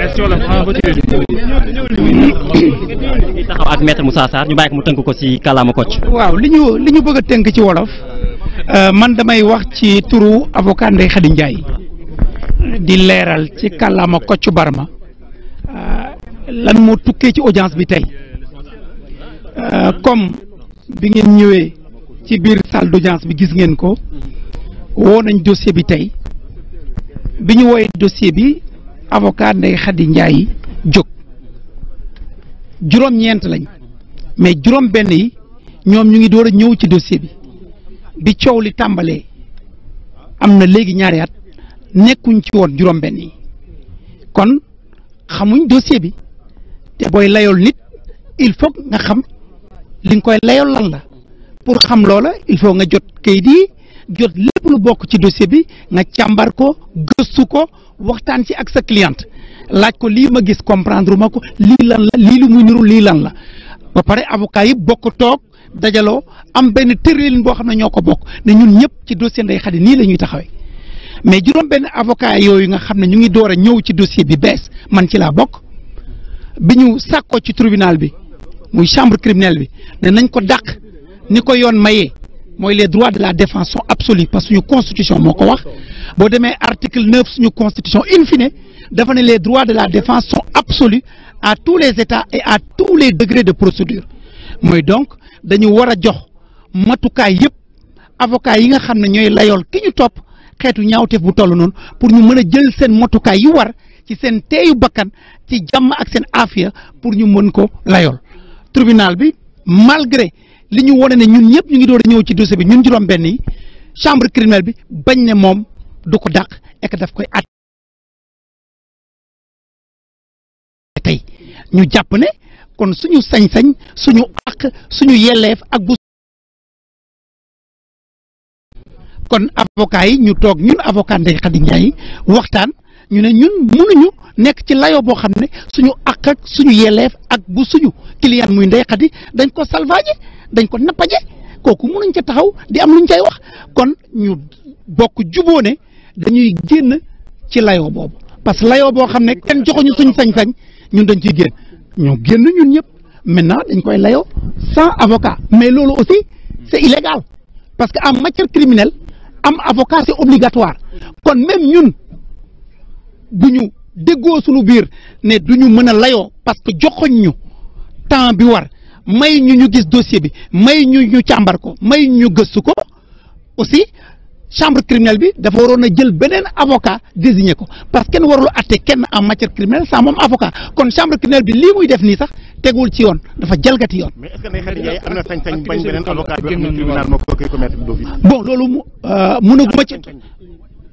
question la en ñu taxaw ak maître Moussa Sarr ñu bàyyi ko mu tënk ko ci kàllaama Kocc. waaw li ñu li ñu bëgg a tënk ci wolof euh, man damay wax ci turu avocat Ndeye Khady di leeral ci kàllaama Kocc Barma euh, lan moo tukkee ci audience bi tey euh, comme bi ngeen ñëwee ci biir salle d'audience bi gis ngeen ko woo dossier bi tey bi ñu wooyee dossier bi. avocat Ndeye Khady Ndiaye jóg juróom-ñeent lañ mais juróom-benn yi ñoom ñu ngi door a ñëw ci dossier bi bi coow li tàmbalee am na léegi ñaari at nekkuñ ci woon juróom-benn yi kon xamuñ dossier bi te booy layool nit il faut nga xam li nga koy layool lan la pour xam loola il faut nga jot kayit yi jot lépp lu bokk ci dossier bi nga càmbar ko gëstu ko waxtaan ci ak sa cliente laaj ko lii ma gis comprendre ma ko lii lan la lii lu muy niru lii lan la ba pare avocat yi bokk toog dajaloo am benn tëralin boo xam ne ñoo ko bokk ne ñun ñëpp ci dossier Ndeye Khady nii la ñuy taxawee mais juróom benn avocat yooyu nga xam ne ñu ngi door a ñëw ci dossier bi bees man ci laa bokk bi ñu ko ci tribunal bi muy chambre criminelle bi ne nañ ko dàq ni ko yoon mayee mooy les droits de la défense sont absolus parce que suñu constitution moo ko wax boo demee article neuf suñu constitution in fine dafa ne les droits de la défense sont absolus à tous les états et à tous les degrés de procédure mooy donc dañu war a jox matukaay yëpp avocat yi nga xam ne ñooy layool ki ñu topp xeetu ñaaw ñaawteef bu toll noonu pour ñu mën a jël seen matukaay yu war ci seen teeyu bakkan ci jàmm ak seen aafiya pour ñu mën ko layool tribunal bi malgré li ñu wone ne ñun ñëpp ñu ngi door a ñëw ci dossier bi ñun juróom benn yi chambre criminelle bi bañ ne moom du ko dàq ek daf koy at ñu jàpp ne kon suñu sañ suñu àq suñu yelleef ak yi ñu toog ñun avocat Ndeye Khady Ndiaye waxtaan ñu ne ñun mënuñu nekk ci layoo boo xam ne suñu àq ak suñu yelleef ak bu suñu client muy Ndeye Khady dañ ko salvaaje dañ ko nappaje kooku mënuñ ca taxaw di am lu ñu cay wax kon ñu bokk juboo ne dañuy génn ci layoo boobu parce que layoo boo xam ne kenn joxuñu suñ sañ-sañ ñun dañ ciy génn ñu génn ñun ñëpp maintenant dañ koy layoo sans avocat mais loolu aussi c'est illégal parce que en matière criminelle am avocat c'est obligatoire kon même ñun bu ñu déggoo suñu biir ne du ñu mën a layoo parce que joxoñ ñu temps bi war may ñu ñu gis dossier bi may ñu ñu càmbar ko may ñu gëstu ko aussi chambre criminelle bi dafa waroon a jël beneen avocat désigné ko parce que kenn warul atte kenn am matière criminelle sans moom avocat kon chambre criminelle bi lii muy def nii sax tegul ci yoon dafa jalgati yoon. mais est-ce que a Khady Ndiaye am na sañ-sañ bañ beneen na tribunal moo ko euh, ci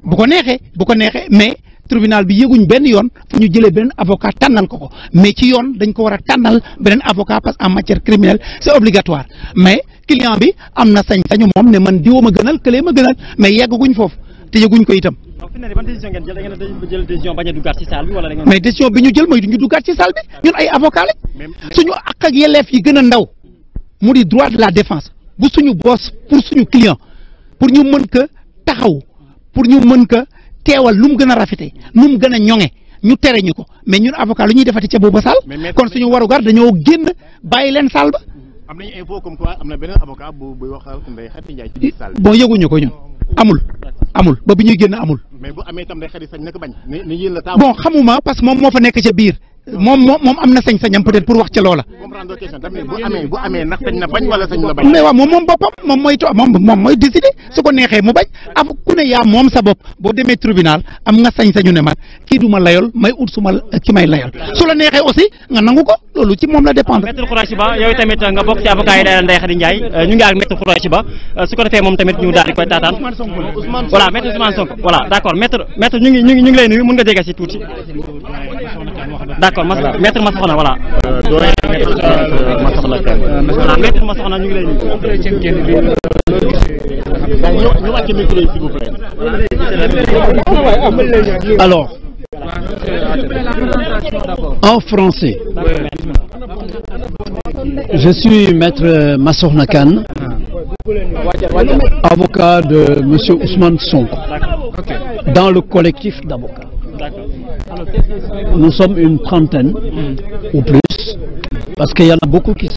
bu ko neexee bu ko neexee mais. tribunal bi yëguñ benn yoon fu ñu jëlee beneen avocat tànnal ko ko mais ci yoon dañ ko war a tànnal beneen avocat parce que en matière criminelle c'est obligatoire mais client bi am na sañ-sañu moom ne man diwoo ma gënal këlee ma gënal mais yegguñ foofu te yëguñ ko itam. mais décision bi ñu jël mooy duñu duggaat ci salle bi ñun ay avocat lañ suñu ak ak yelleef yi gën a ndaw mu di droit de la défense bu suñu boos pour suñu client pour ñu mën ko taxaw pour ñu mën ko teewal nu mu gën a rafetee nu mu gën a ñoŋe ñu tere ñu ko mais ñun avocat lu ñuy defati ca booba saal kon suñu warugar dañoo génn bàyyi leen saal ba. am nañu info comme quoi am na beneen avocat bu buy wax ak Ndeye Khady Ndiaye ci biir saal bi. bon yëguñu ko ñun amul. amul ba bi ñuy génn amul. mais bon xamuma parce que moom moo fa nekk ca biir moom moom am na sañ-sañam peut-être pour wax ca loola. bu amee bu amee ndax sañ na bañ wala sañ la bañ. mais waaw moom moom boppam moom mooy to moom moom mooy décider su ko neexee mu bañ am ku ne yaa moom sa bopp boo demee tribunal am nga sañ-sañu ne man kii du ma layol may ut su ma ki may layol su la neexee aussi nga nangu ko loolu ci moom la dépendre. maître Khouraychi Ba yow tamit nga bokk ci avocat yi daal Ndeye Khady Ndiaye euh, ñu ngi ak maître Khouraychi Ba euh, su ko defee moom tamit ñu daal di koy taataan. voilà maître Ousmane Sonko voilà d'accord maître maître ñu ngi ñu ngi lay nuyu mën nga jege si tuuti d' accord maître Massokhna en français. je suis maître Massokhna Kane. avocat de monsieur Ousmane Sonko. dans le collectif d'avocats. Nous sommes une trentaine ou plus, parce qu'il y en a beaucoup qui